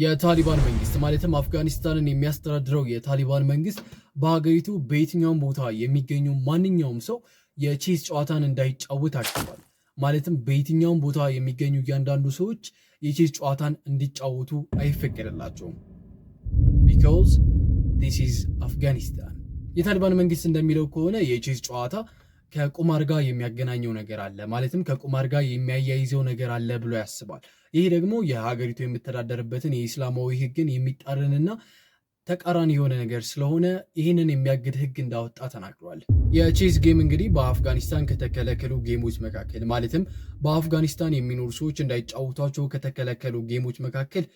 የታሊባን መንግስት ማለትም አፍጋኒስታንን የሚያስተዳድረው የታሊባን መንግስት በሀገሪቱ በየትኛውም ቦታ የሚገኙ ማንኛውም ሰው የቼስ ጨዋታን እንዳይጫወት አድርጓል። ማለትም በየትኛውም ቦታ የሚገኙ እያንዳንዱ ሰዎች የቼስ ጨዋታን እንዲጫወቱ አይፈቀድላቸውም። ቢኮዝ ዲስ ኢዝ አፍጋኒስታን። የታሊባን መንግስት እንደሚለው ከሆነ የቼስ ጨዋታ ከቁማር ጋር የሚያገናኘው ነገር አለ፣ ማለትም ከቁማር ጋር የሚያያይዘው ነገር አለ ብሎ ያስባል። ይህ ደግሞ የሀገሪቱ የምተዳደርበትን የኢስላማዊ የሚጣርን የሚጣረንና ተቃራኒ የሆነ ነገር ስለሆነ ይህንን የሚያግድ ህግ እንዳወጣ ተናግሯል። የቼዝ ጌም እንግዲህ በአፍጋኒስታን ከተከለከሉ ጌሞች መካከል ማለትም በአፍጋኒስታን የሚኖሩ ሰዎች እንዳይጫወቷቸው ከተከለከሉ ጌሞች መካከል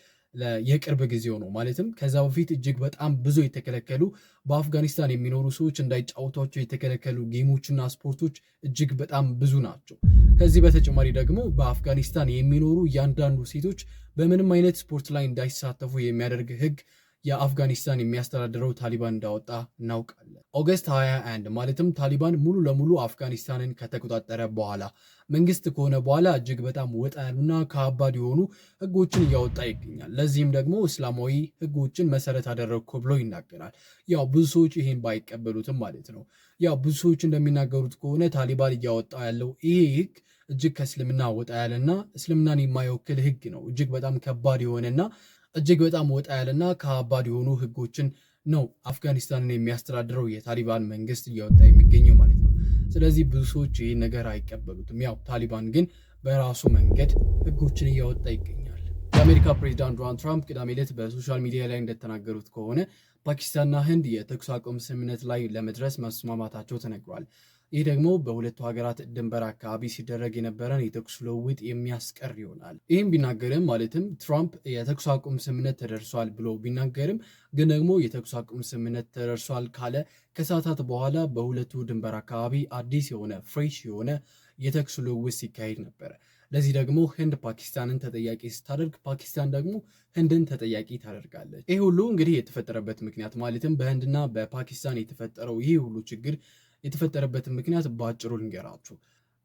የቅርብ ጊዜው ነው። ማለትም ከዛ በፊት እጅግ በጣም ብዙ የተከለከሉ በአፍጋኒስታን የሚኖሩ ሰዎች እንዳይጫወቷቸው የተከለከሉ ጌሞችና ስፖርቶች እጅግ በጣም ብዙ ናቸው። ከዚህ በተጨማሪ ደግሞ በአፍጋኒስታን የሚኖሩ እያንዳንዱ ሴቶች በምንም አይነት ስፖርት ላይ እንዳይሳተፉ የሚያደርግ ህግ። የአፍጋኒስታን የሚያስተዳድረው ታሊባን እንዳወጣ እናውቃለን። ኦገስት 21 ማለትም ታሊባን ሙሉ ለሙሉ አፍጋኒስታንን ከተቆጣጠረ በኋላ መንግስት ከሆነ በኋላ እጅግ በጣም ወጣ ያሉና ከባድ የሆኑ ህጎችን እያወጣ ይገኛል። ለዚህም ደግሞ እስላማዊ ህጎችን መሰረት አደረግኩ ብሎ ይናገራል። ያው ብዙ ሰዎች ይሄን ባይቀበሉትም ማለት ነው። ያው ብዙ ሰዎች እንደሚናገሩት ከሆነ ታሊባን እያወጣ ያለው ይሄ ህግ እጅግ ከእስልምና ወጣ ያለና እስልምናን የማይወክል ህግ ነው። እጅግ በጣም ከባድ የሆነና እጅግ በጣም ወጣ ያለና ከባድ የሆኑ ህጎችን ነው አፍጋኒስታንን የሚያስተዳድረው የታሊባን መንግስት እያወጣ የሚገኘው ማለት ነው። ስለዚህ ብዙ ሰዎች ይህ ነገር አይቀበሉትም። ያው ታሊባን ግን በራሱ መንገድ ህጎችን እያወጣ ይገኛል። የአሜሪካ ፕሬዚዳንት ዶናልድ ትራምፕ ቅዳሜ ዕለት በሶሻል ሚዲያ ላይ እንደተናገሩት ከሆነ ፓኪስታንና ህንድ የተኩስ አቁም ስምምነት ላይ ለመድረስ መስማማታቸው ተነግሯል። ይህ ደግሞ በሁለቱ ሀገራት ድንበር አካባቢ ሲደረግ የነበረን የተኩስ ልውውጥ የሚያስቀር ይሆናል። ይህም ቢናገርም ማለትም ትራምፕ የተኩስ አቁም ስምምነት ተደርሷል ብሎ ቢናገርም ግን ደግሞ የተኩስ አቁም ስምምነት ተደርሷል ካለ ከሰዓታት በኋላ በሁለቱ ድንበር አካባቢ አዲስ የሆነ ፍሬሽ የሆነ የተኩስ ልውውጥ ሲካሄድ ነበረ። ለዚህ ደግሞ ህንድ ፓኪስታንን ተጠያቂ ስታደርግ ፓኪስታን ደግሞ ህንድን ተጠያቂ ታደርጋለች። ይህ ሁሉ እንግዲህ የተፈጠረበት ምክንያት ማለትም በህንድና በፓኪስታን የተፈጠረው ይህ ሁሉ ችግር የተፈጠረበትን ምክንያት በአጭሩ ልንገራችሁ።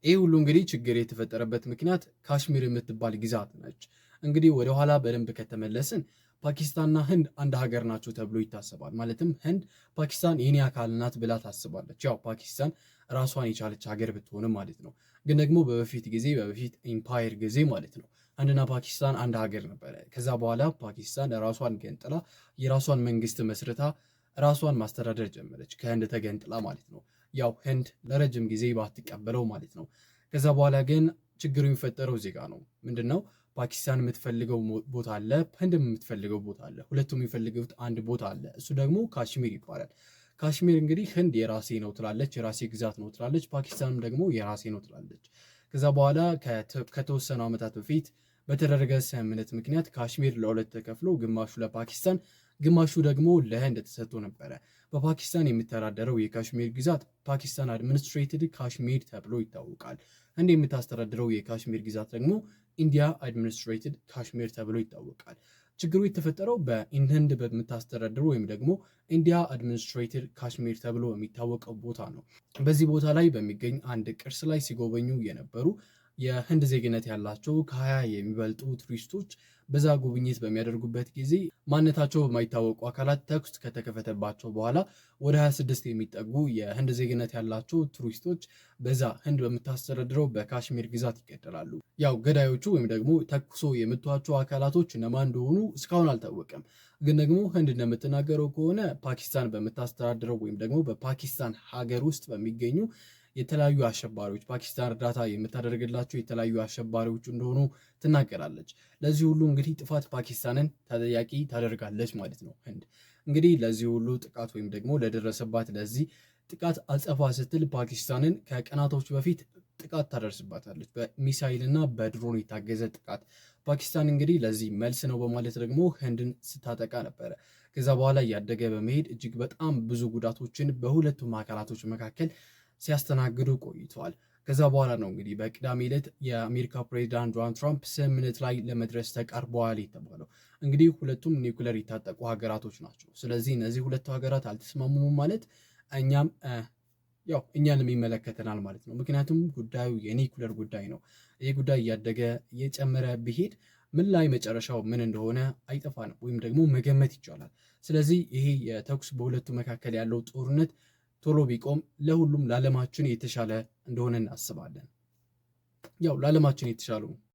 ይህ ሁሉ እንግዲህ ችግር የተፈጠረበት ምክንያት ካሽሚር የምትባል ግዛት ነች። እንግዲህ ወደኋላ በደንብ ከተመለስን ፓኪስታንና ህንድ አንድ ሀገር ናቸው ተብሎ ይታሰባል። ማለትም ህንድ ፓኪስታን የኔ አካል ናት ብላ ታስባለች። ያው ፓኪስታን ራሷን የቻለች ሀገር ብትሆንም ማለት ነው። ግን ደግሞ በበፊት ጊዜ በበፊት ኢምፓየር ጊዜ ማለት ነው ህንድና ፓኪስታን አንድ ሀገር ነበረ። ከዛ በኋላ ፓኪስታን ራሷን ገንጥላ የራሷን መንግስት መስርታ ራሷን ማስተዳደር ጀመረች፣ ከህንድ ተገንጥላ ማለት ነው። ያው ህንድ ለረጅም ጊዜ ባትቀበለው ማለት ነው። ከዛ በኋላ ግን ችግሩ የሚፈጠረው ዜጋ ነው። ምንድን ነው ፓኪስታን የምትፈልገው ቦታ አለ፣ ህንድም የምትፈልገው ቦታ አለ። ሁለቱም የሚፈልጉት አንድ ቦታ አለ። እሱ ደግሞ ካሽሚር ይባላል። ካሽሚር እንግዲህ ህንድ የራሴ ነው ትላለች፣ የራሴ ግዛት ነው ትላለች። ፓኪስታንም ደግሞ የራሴ ነው ትላለች። ከዛ በኋላ ከተወሰኑ ዓመታት በፊት በተደረገ ስምምነት ምክንያት ካሽሚር ለሁለት ተከፍሎ ግማሹ ለፓኪስታን ግማሹ ደግሞ ለህንድ ተሰጥቶ ነበረ። በፓኪስታን የሚተዳደረው የካሽሚር ግዛት ፓኪስታን አድሚኒስትሬትድ ካሽሚር ተብሎ ይታወቃል። ህንድ የምታስተዳድረው የካሽሚር ግዛት ደግሞ ኢንዲያ አድሚኒስትሬትድ ካሽሚር ተብሎ ይታወቃል። ችግሩ የተፈጠረው በህንድ በምታስተዳድረው ወይም ደግሞ ኢንዲያ አድሚኒስትሬትድ ካሽሚር ተብሎ የሚታወቀው ቦታ ነው። በዚህ ቦታ ላይ በሚገኝ አንድ ቅርስ ላይ ሲጎበኙ የነበሩ የህንድ ዜግነት ያላቸው ከሀያ የሚበልጡ ቱሪስቶች በዛ ጉብኝት በሚያደርጉበት ጊዜ ማንነታቸው በማይታወቁ አካላት ተኩስ ከተከፈተባቸው በኋላ ወደ 26 የሚጠጉ የህንድ ዜግነት ያላቸው ቱሪስቶች በዛ ህንድ በምታስተዳድረው በካሽሚር ግዛት ይገደላሉ። ያው ገዳዮቹ ወይም ደግሞ ተኩሶ የምቷቸው አካላቶች እነማን እንደሆኑ እስካሁን አልታወቀም። ግን ደግሞ ህንድ እንደምትናገረው ከሆነ ፓኪስታን በምታስተዳድረው ወይም ደግሞ በፓኪስታን ሀገር ውስጥ በሚገኙ የተለያዩ አሸባሪዎች ፓኪስታን እርዳታ የምታደርግላቸው የተለያዩ አሸባሪዎች እንደሆኑ ትናገራለች። ለዚህ ሁሉ እንግዲህ ጥፋት ፓኪስታንን ተጠያቂ ታደርጋለች ማለት ነው። ህንድ እንግዲህ ለዚህ ሁሉ ጥቃት ወይም ደግሞ ለደረሰባት ለዚህ ጥቃት አጸፋ ስትል ፓኪስታንን ከቀናቶች በፊት ጥቃት ታደርስባታለች በሚሳይል እና በድሮን የታገዘ ጥቃት። ፓኪስታን እንግዲህ ለዚህ መልስ ነው በማለት ደግሞ ህንድን ስታጠቃ ነበረ። ከዛ በኋላ እያደገ በመሄድ እጅግ በጣም ብዙ ጉዳቶችን በሁለቱም አካላቶች መካከል ሲያስተናግዱ ቆይተዋል። ከዛ በኋላ ነው እንግዲህ በቅዳሜ ዕለት የአሜሪካ ፕሬዚዳንት ዶናልድ ትራምፕ ስምምነት ላይ ለመድረስ ተቃርበዋል የተባለው እንግዲህ ሁለቱም ኒውክለር የታጠቁ ሀገራቶች ናቸው። ስለዚህ እነዚህ ሁለቱ ሀገራት አልተስማሙም ማለት እኛም ያው እኛንም ይመለከተናል ማለት ነው። ምክንያቱም ጉዳዩ የኒውክለር ጉዳይ ነው። ይህ ጉዳይ እያደገ እየጨመረ ቢሄድ ምን ላይ መጨረሻው ምን እንደሆነ አይጠፋንም ወይም ደግሞ መገመት ይቻላል። ስለዚህ ይሄ የተኩስ በሁለቱ መካከል ያለው ጦርነት ቶሎ ቢቆም ለሁሉም ለዓለማችን የተሻለ እንደሆነ እናስባለን። ያው ለዓለማችን የተሻለው